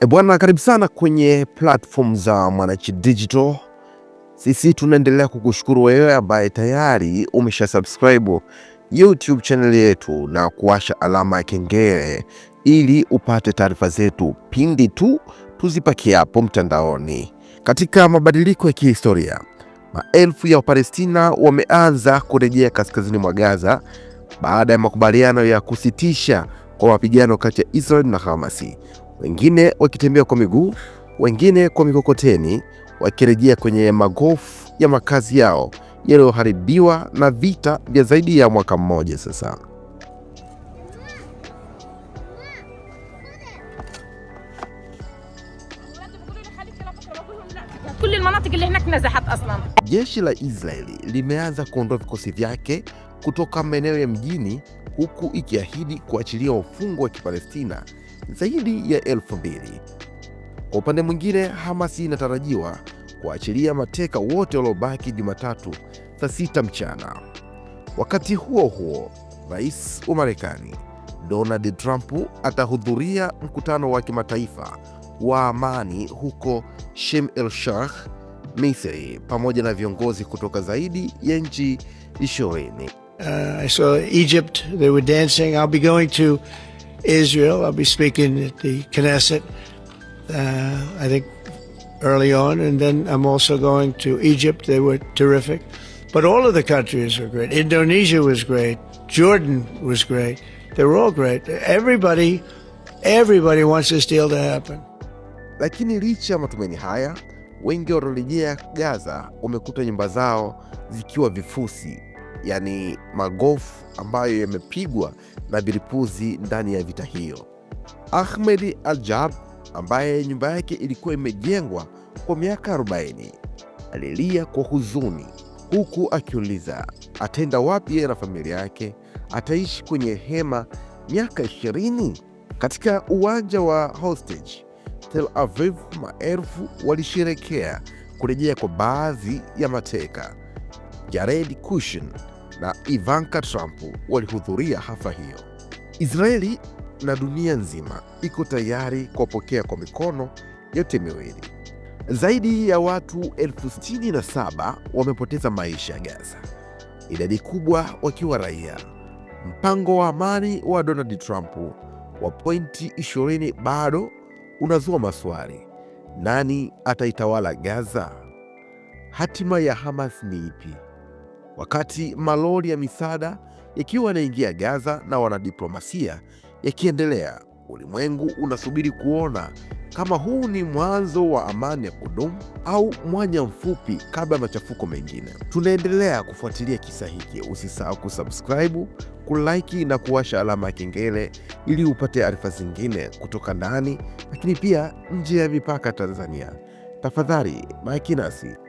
E bwana, karibu sana kwenye platform za Mwananchi Digital. Sisi tunaendelea kukushukuru wewe ambaye tayari umesha subscribe YouTube channel yetu na kuwasha alama ya kengele ili upate taarifa zetu pindi tu hapo mtandaoni. Katika mabadiliko ya kihistoria, maelfu ya Wapalestina wameanza kurejea kaskazini mwa Gaza baada ya makubaliano ya kusitisha kwa mapigano kati ya Israel na Hamasi wengine wakitembea kwa miguu, wengine kwa mikokoteni, wakirejea kwenye magofu ya makazi yao yaliyoharibiwa na vita vya zaidi ya mwaka mmoja sasa. Jeshi la Israeli limeanza kuondoa vikosi vyake kutoka maeneo ya mjini huku ikiahidi kuachilia wafungwa wa Kipalestina zaidi ya elfu mbili. Kwa upande mwingine, hamasi inatarajiwa kuachilia mateka wote waliobaki Jumatatu saa sita mchana. Wakati huo huo, rais wa Marekani Donald Trump atahudhuria mkutano wa kimataifa wa amani huko Sharm el Sheikh, Misri, pamoja na viongozi kutoka zaidi ya nchi ishirini. Uh, I saw Egypt, they were dancing. I'll be going to Israel. I'll be speaking at the Knesset, uh, I think, early on. And then I'm also going to Egypt. They were terrific. But all of the countries were great. Indonesia was great. Jordan was great. They were all great. Everybody, everybody wants this deal to happen. Lakini licha matumaini haya, wengi waliorejea Gaza wamekuta nyumba zao zikiwa vifusi yani magofu ambayo yamepigwa na vilipuzi ndani ya vita hiyo. Ahmed Al-Jab ambaye nyumba yake ilikuwa imejengwa kwa miaka 40 alilia kwa huzuni, huku akiuliza ataenda wapi yeye na familia yake? Ataishi kwenye hema miaka 20? Katika uwanja wa Hostage Tel Aviv, maelfu walisherekea kurejea kwa baadhi ya mateka. Jared Kushner na Ivanka Trump walihudhuria hafla hiyo. Israeli na dunia nzima iko tayari kuwapokea kwa mikono yote miwili. Zaidi ya watu elfu sitini na saba wamepoteza maisha ya Gaza, idadi kubwa wakiwa raia. Mpango wa amani wa Donald Trump wa pointi 20 bado unazua maswali. Nani ataitawala Gaza? Hatima ya Hamas ni ipi? wakati malori ya misaada yakiwa yanaingia Gaza na wanadiplomasia yakiendelea, ulimwengu unasubiri kuona kama huu ni mwanzo wa amani ya kudumu au mwanya mfupi kabla ya machafuko mengine. Tunaendelea kufuatilia kisa hiki. Usisahau kusubscribe, kulaiki na kuwasha alama ya kengele ili upate arifa zingine kutoka ndani, lakini pia nje ya mipaka Tanzania. Tafadhali baki nasi.